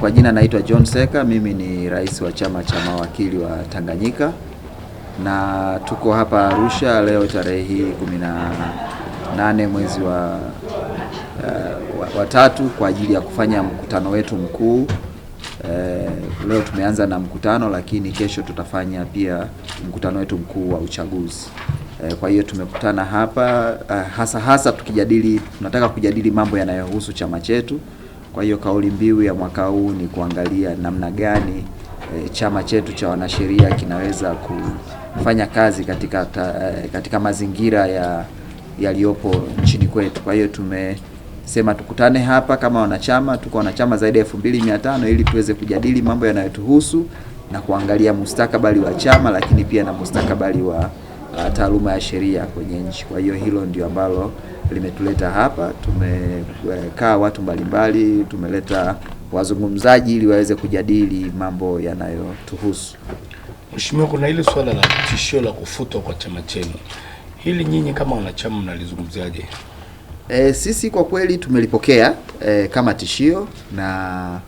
Kwa jina naitwa John Seka, mimi ni rais wa chama cha mawakili wa Tanganyika na tuko hapa Arusha leo tarehe hii 18 mwezi wa, uh, eh, watatu tatu kwa ajili ya kufanya mkutano wetu mkuu. Uh, leo tumeanza na mkutano lakini kesho tutafanya pia mkutano wetu mkuu wa uchaguzi. Uh, kwa hiyo tumekutana hapa uh, hasa hasa tukijadili tunataka kujadili mambo yanayohusu chama chetu. Kwa hiyo kauli mbiu ya mwaka huu ni kuangalia namna gani e, chama chetu cha wanasheria kinaweza kufanya kazi katika, ta, eh, katika mazingira ya yaliyopo nchini kwetu. Kwa hiyo tumesema tukutane hapa kama wanachama, tuko wanachama zaidi ya elfu mbili mia tano ili tuweze kujadili mambo yanayotuhusu na kuangalia mustakabali wa chama, lakini pia na mustakabali wa ah, taaluma ya sheria kwenye nchi. Kwa hiyo hilo ndio ambalo limetuleta hapa. Tumekaa watu mbalimbali, tumeleta wazungumzaji ili waweze kujadili mambo yanayotuhusu. Mheshimiwa, kuna ile swala la tishio la kufutwa kwa chama chenu, hili nyinyi kama wanachama mnalizungumziaje? E, sisi kwa kweli tumelipokea e, kama tishio na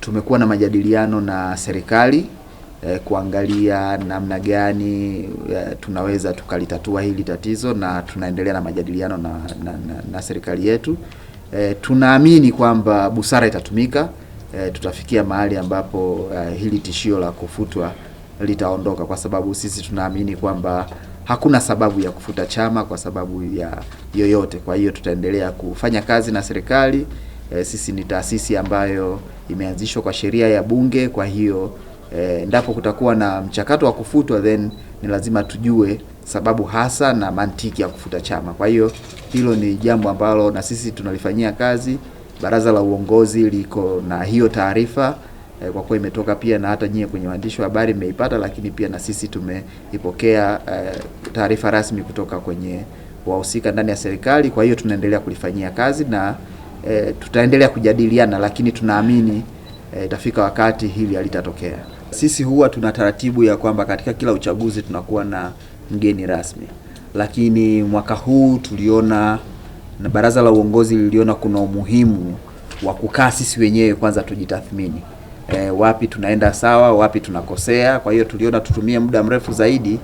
tumekuwa na majadiliano na serikali eh, kuangalia namna gani eh, tunaweza tukalitatua hili tatizo, na tunaendelea na majadiliano na, na, na, na serikali yetu eh, tunaamini kwamba busara itatumika eh, tutafikia mahali ambapo eh, hili tishio la kufutwa litaondoka, kwa sababu sisi tunaamini kwamba hakuna sababu ya kufuta chama kwa sababu ya yoyote. Kwa hiyo tutaendelea kufanya kazi na serikali. Eh, sisi ni taasisi ambayo imeanzishwa kwa sheria ya Bunge, kwa hiyo Eh, endapo kutakuwa na mchakato wa kufutwa, then ni lazima tujue sababu hasa na mantiki ya kufuta chama. Kwa hiyo hilo ni jambo ambalo na sisi tunalifanyia kazi. Baraza la uongozi liko na hiyo taarifa e, kwa kuwa imetoka pia na hata nyie kwenye waandishi wa habari mmeipata, lakini pia na sisi tumeipokea e, taarifa rasmi kutoka kwenye wahusika ndani ya serikali. Kwa hiyo tunaendelea kulifanyia kazi na e, tutaendelea kujadiliana, lakini tunaamini itafika e, wakati hili halitatokea. Sisi huwa tuna taratibu ya kwamba katika kila uchaguzi tunakuwa na mgeni rasmi, lakini mwaka huu tuliona na baraza la uongozi liliona kuna umuhimu wa kukaa sisi wenyewe kwanza tujitathmini, e, wapi tunaenda sawa, wapi tunakosea. Kwa hiyo tuliona tutumie muda mrefu zaidi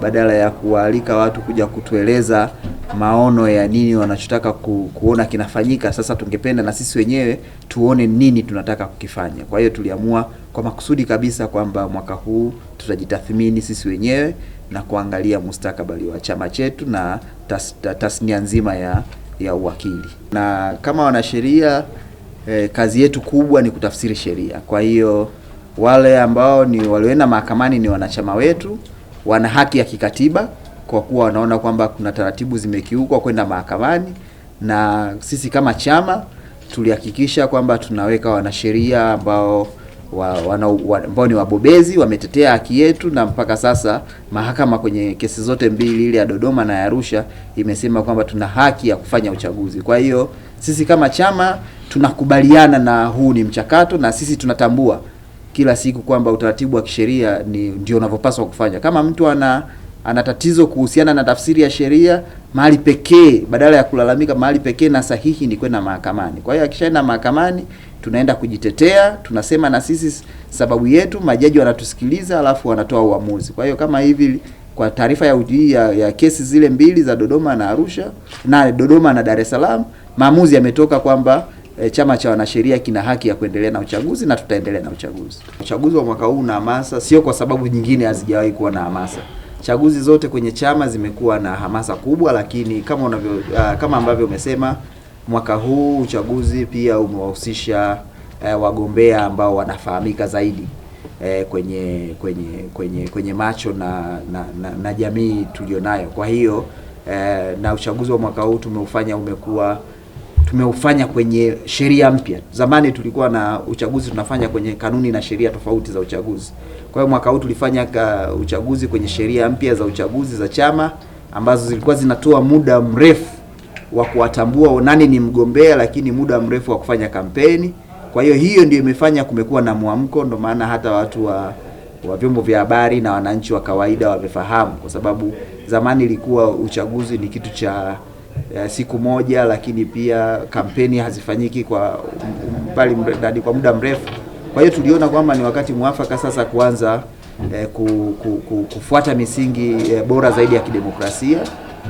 badala ya kuwaalika watu kuja kutueleza maono ya nini wanachotaka ku, kuona kinafanyika. Sasa tungependa na sisi wenyewe tuone nini tunataka kukifanya. Kwa hiyo tuliamua kwa makusudi kabisa kwamba mwaka huu tutajitathmini sisi wenyewe na kuangalia mustakabali wa chama chetu na tas, tasnia nzima ya, ya uwakili na kama wanasheria eh, kazi yetu kubwa ni kutafsiri sheria. Kwa hiyo wale ambao ni walioenda mahakamani ni wanachama wetu, wana haki ya kikatiba kwa kuwa wanaona kwamba kuna taratibu zimekiukwa kwenda mahakamani, na sisi kama chama tulihakikisha kwamba tunaweka wanasheria ambao ambao wa, wa, ni wabobezi wametetea haki yetu, na mpaka sasa mahakama kwenye kesi zote mbili, ile ya Dodoma na ya Arusha, imesema kwamba tuna haki ya kufanya uchaguzi. Kwa hiyo sisi kama chama tunakubaliana na huu ni mchakato, na sisi tunatambua kila siku kwamba utaratibu wa kisheria ni ndio unavyopaswa kufanya. Kama mtu ana ana tatizo kuhusiana na tafsiri ya sheria, mahali pekee badala ya kulalamika, mahali pekee na sahihi ni kwenda mahakamani. Kwa hiyo akishaenda mahakamani, tunaenda kujitetea, tunasema na sisi sababu yetu, majaji wanatusikiliza, alafu wanatoa uamuzi. Kwa hiyo kama hivi kwa taarifa ya, ya ya kesi zile mbili za Dodoma na Arusha na Dodoma na Dar es Salaam, maamuzi yametoka kwamba e, chama cha wanasheria kina haki ya kuendelea na uchaguzi na tutaendelea na uchaguzi. Uchaguzi wa mwaka huu na hamasa, sio kwa sababu nyingine hazijawahi kuwa na hamasa chaguzi zote kwenye chama zimekuwa na hamasa kubwa, lakini kama unavyo, uh, kama ambavyo umesema mwaka huu uchaguzi pia umewahusisha uh, wagombea ambao wanafahamika zaidi uh, kwenye kwenye kwenye kwenye macho na na, na, na jamii tulionayo. Kwa hiyo uh, na uchaguzi wa mwaka huu tumeufanya umekuwa tumeufanya kwenye sheria mpya. Zamani tulikuwa na uchaguzi tunafanya kwenye kanuni na sheria tofauti za uchaguzi. Kwa hiyo mwaka huu tulifanya uchaguzi kwenye sheria mpya za uchaguzi za chama ambazo zilikuwa zinatoa muda mrefu wa kuwatambua nani ni mgombea, lakini muda mrefu wa kufanya kampeni. Kwa hiyo hiyo ndio imefanya kumekuwa na mwamko, ndio maana hata watu wa wa vyombo vya habari na wananchi wa kawaida wamefahamu, kwa sababu zamani ilikuwa uchaguzi ni kitu cha ya, eh, siku moja, lakini pia kampeni hazifanyiki kwa mbali mre, kwa muda mrefu. Kwa hiyo tuliona kwamba ni wakati mwafaka sasa kuanza eh, ku, ku, ku, kufuata misingi eh, bora zaidi ya kidemokrasia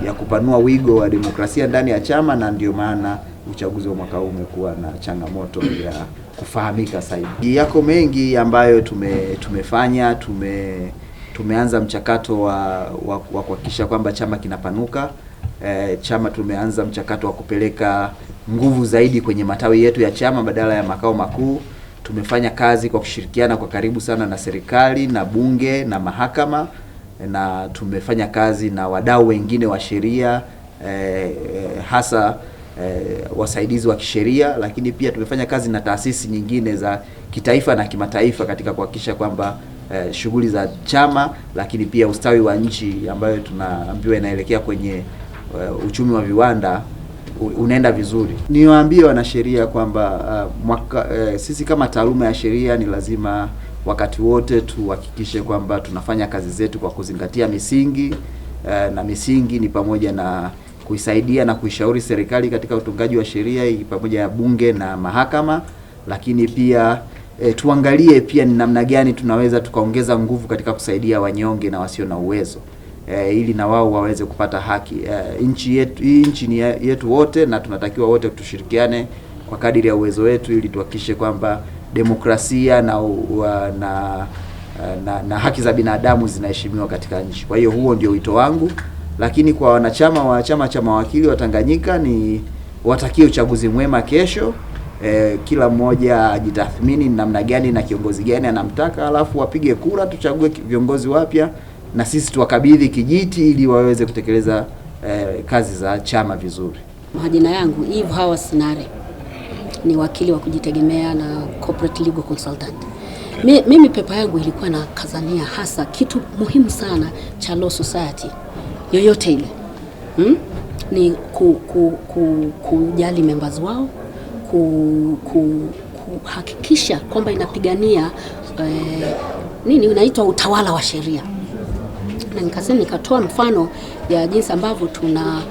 ya kupanua wigo wa demokrasia ndani ya chama, na ndio maana uchaguzi wa mwaka huu umekuwa na changamoto ya kufahamika zaidi. Yako mengi ambayo tume, tumefanya tume tumeanza mchakato wa, wa, wa kuhakikisha kwamba chama kinapanuka. E, chama tumeanza mchakato wa kupeleka nguvu zaidi kwenye matawi yetu ya chama badala ya makao makuu. Tumefanya kazi kwa kushirikiana kwa karibu sana na serikali na bunge na mahakama na tumefanya kazi na wadau wengine wa sheria eh, eh, hasa eh, wasaidizi wa kisheria, lakini pia tumefanya kazi na taasisi nyingine za kitaifa na kimataifa katika kuhakikisha kwamba eh, shughuli za chama, lakini pia ustawi wa nchi ambayo tunaambiwa inaelekea kwenye eh, uchumi wa viwanda unaenda vizuri. Niwaambie wanasheria kwamba uh, mwaka, uh, sisi kama taaluma ya sheria ni lazima wakati wote tuhakikishe kwamba tunafanya kazi zetu kwa kuzingatia misingi uh, na misingi ni pamoja na kuisaidia na kuishauri serikali katika utungaji wa sheria pamoja na bunge na mahakama, lakini pia E, tuangalie pia ni namna gani tunaweza tukaongeza nguvu katika kusaidia wanyonge na wasio na uwezo e, ili na wao waweze kupata haki e, nchi yetu, hii nchi ni yetu wote, na tunatakiwa wote tushirikiane kwa kadiri ya uwezo wetu ili tuhakikishe kwamba demokrasia na, na, na, eh, na, na haki za binadamu zinaheshimiwa katika nchi. Kwa hiyo huo ndio wito wangu, lakini kwa wanachama wa chama cha mawakili wa Tanganyika ni watakie uchaguzi mwema kesho. Eh, kila mmoja ajitathmini namna gani na kiongozi gani anamtaka, alafu wapige kura, tuchague viongozi wapya na sisi tuwakabidhi kijiti ili waweze kutekeleza eh, kazi za chama vizuri. Majina yangu Eve Hawa Sinare ni wakili wa kujitegemea na corporate legal consultant. Mi, mimi pepa yangu ilikuwa na kazania hasa kitu muhimu sana cha law society yoyote ile hmm? Ni ku, ku, ku, kujali members wao ku, ku, kuhakikisha kwamba inapigania eh, nini unaitwa utawala wa sheria na nikasema nikatoa mfano ya jinsi ambavyo tuna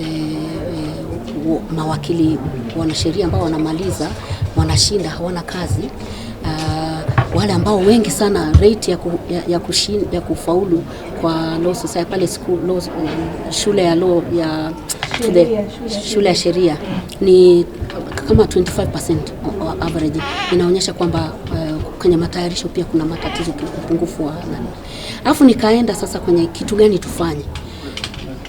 e, e, mawakili wanasheria ambao wanamaliza wanashinda hawana kazi uh, wale ambao wengi sana rate ya, ku, ya, ya, kushin, ya kufaulu kwa law society pale school law, shule ya law ya shule, shule ya sheria ni kama 25% average, inaonyesha kwamba kwenye matayarisho pia kuna matatizo, kuna upungufu wa nani. Alafu nikaenda sasa kwenye kitu gani tufanye.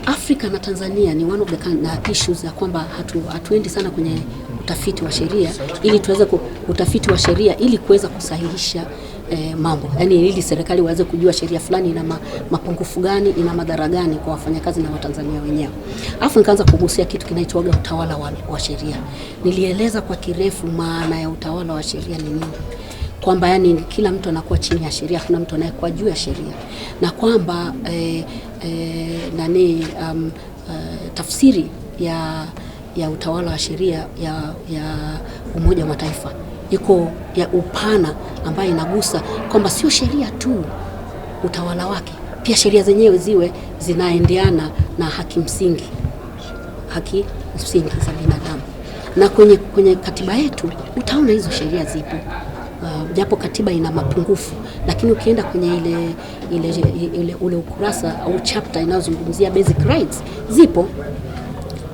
Afrika na Tanzania ni one of the kind of issues ya kwamba hatu, hatuendi sana kwenye utafiti wa sheria ili tuweze utafiti wa sheria ili kuweza kusahihisha eh, mambo yaani, ili serikali waweze kujua sheria fulani ina ma, mapungufu gani, ina madhara gani kwa wafanyakazi na Watanzania wenyewe. Alafu nikaanza kugusia kitu kinachoitwa utawala wa, wa sheria. Nilieleza kwa kirefu maana ya utawala wa sheria ni nini kwamba yani kila mtu anakuwa chini ya sheria, hakuna mtu anayekuwa juu ya sheria, na kwamba eh, eh, nani um, uh, tafsiri ya, ya utawala wa sheria ya, ya Umoja wa Mataifa iko ya upana ambayo inagusa kwamba sio sheria tu utawala wake, pia sheria zenyewe ziwe zinaendeana na haki msingi haki msingi za binadamu, na kwenye, kwenye katiba yetu utaona hizo sheria zipo uh, japo katiba ina mapungufu, lakini ukienda kwenye ile, ile, ile ule ukurasa au chapter inayozungumzia basic rights zipo.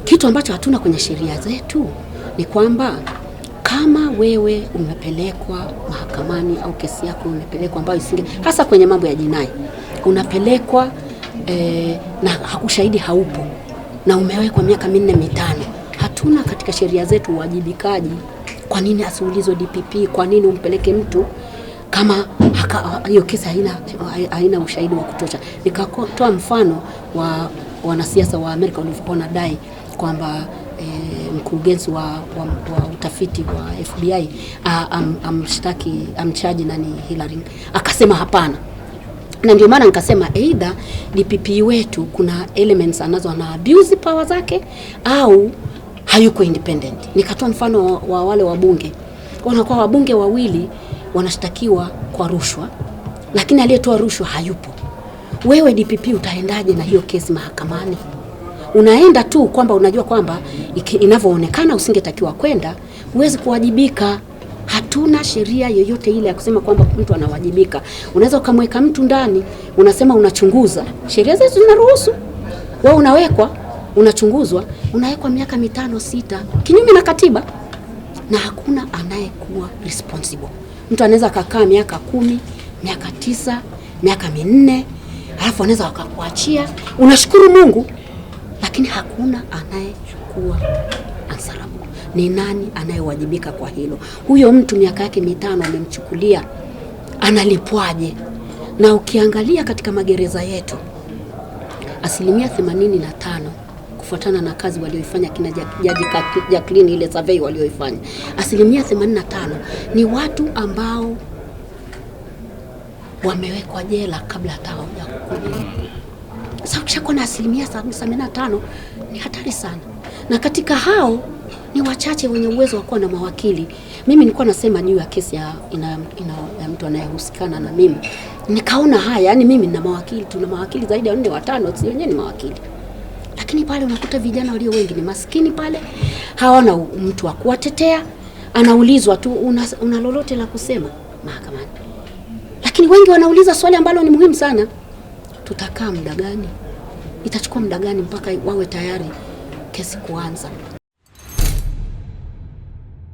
Kitu ambacho hatuna kwenye sheria zetu ni kwamba kama wewe umepelekwa mahakamani au kesi yako umepelekwa ambayo isinge, hasa kwenye mambo ya jinai unapelekwa eh, na hakushahidi haupo na umewekwa miaka minne mitano, hatuna katika sheria zetu uwajibikaji. Kwa nini asiulizwe DPP? Kwa nini umpeleke mtu kama hiyo kesi haina, haina ushahidi wa kutosha? Nikatoa mfano wa wanasiasa wa Amerika walivyokuwa wanadai kwamba E, mkurugenzi wa, wa, wa utafiti wa FBI amshtaki am amchaji nani Hillary akasema hapana, na ndio maana nikasema either DPP wetu kuna elements anazo ana abuse power zake au hayuko independent. Nikatoa mfano wa wale wabunge, wanakuwa wabunge wawili wanashtakiwa kwa rushwa, lakini aliyetoa rushwa hayupo. Wewe DPP utaendaje na hiyo kesi mahakamani? Unaenda tu kwamba unajua kwamba inavyoonekana usingetakiwa kwenda, huwezi kuwajibika. Hatuna sheria yoyote ile ya kusema kwamba mtu anawajibika. Unaweza ukamweka mtu ndani, unasema unachunguza. Sheria zetu zinaruhusu wewe unawekwa unachunguzwa, unawekwa miaka mitano sita, kinyume na katiba, na hakuna anayekuwa responsible. Mtu anaweza akakaa miaka kumi, miaka tisa, miaka minne, alafu anaweza wakakuachia, unashukuru Mungu, lakini hakuna anayechukua ansarabu. Ni nani anayewajibika kwa hilo? Huyo mtu miaka yake mitano amemchukulia, analipwaje? Na ukiangalia katika magereza yetu asilimia 85 kufuatana na kazi walioifanya kina Jaji Jacqueline, ile survey walioifanya, asilimia 85 ni watu ambao wamewekwa jela kabla hata hawajakukulia. Sasa ukishakuwa na asilimia 75 ni hatari sana, na katika hao ni wachache wenye uwezo wa kuwa na mawakili. Mimi nilikuwa nasema juu ya kesi ya ina, ina, ya mtu anayehusikana na mimi nikaona haya, yani mimi nina mawakili, tuna mawakili zaidi ya nne watano, si wenyewe ni mawakili lakini pale unakuta vijana walio wengi ni maskini pale, hawana mtu wa kuwatetea. Anaulizwa tu una, una lolote la kusema mahakamani, lakini wengi wanauliza swali ambalo ni muhimu sana, tutakaa muda gani? Itachukua muda gani mpaka wawe tayari kesi kuanza?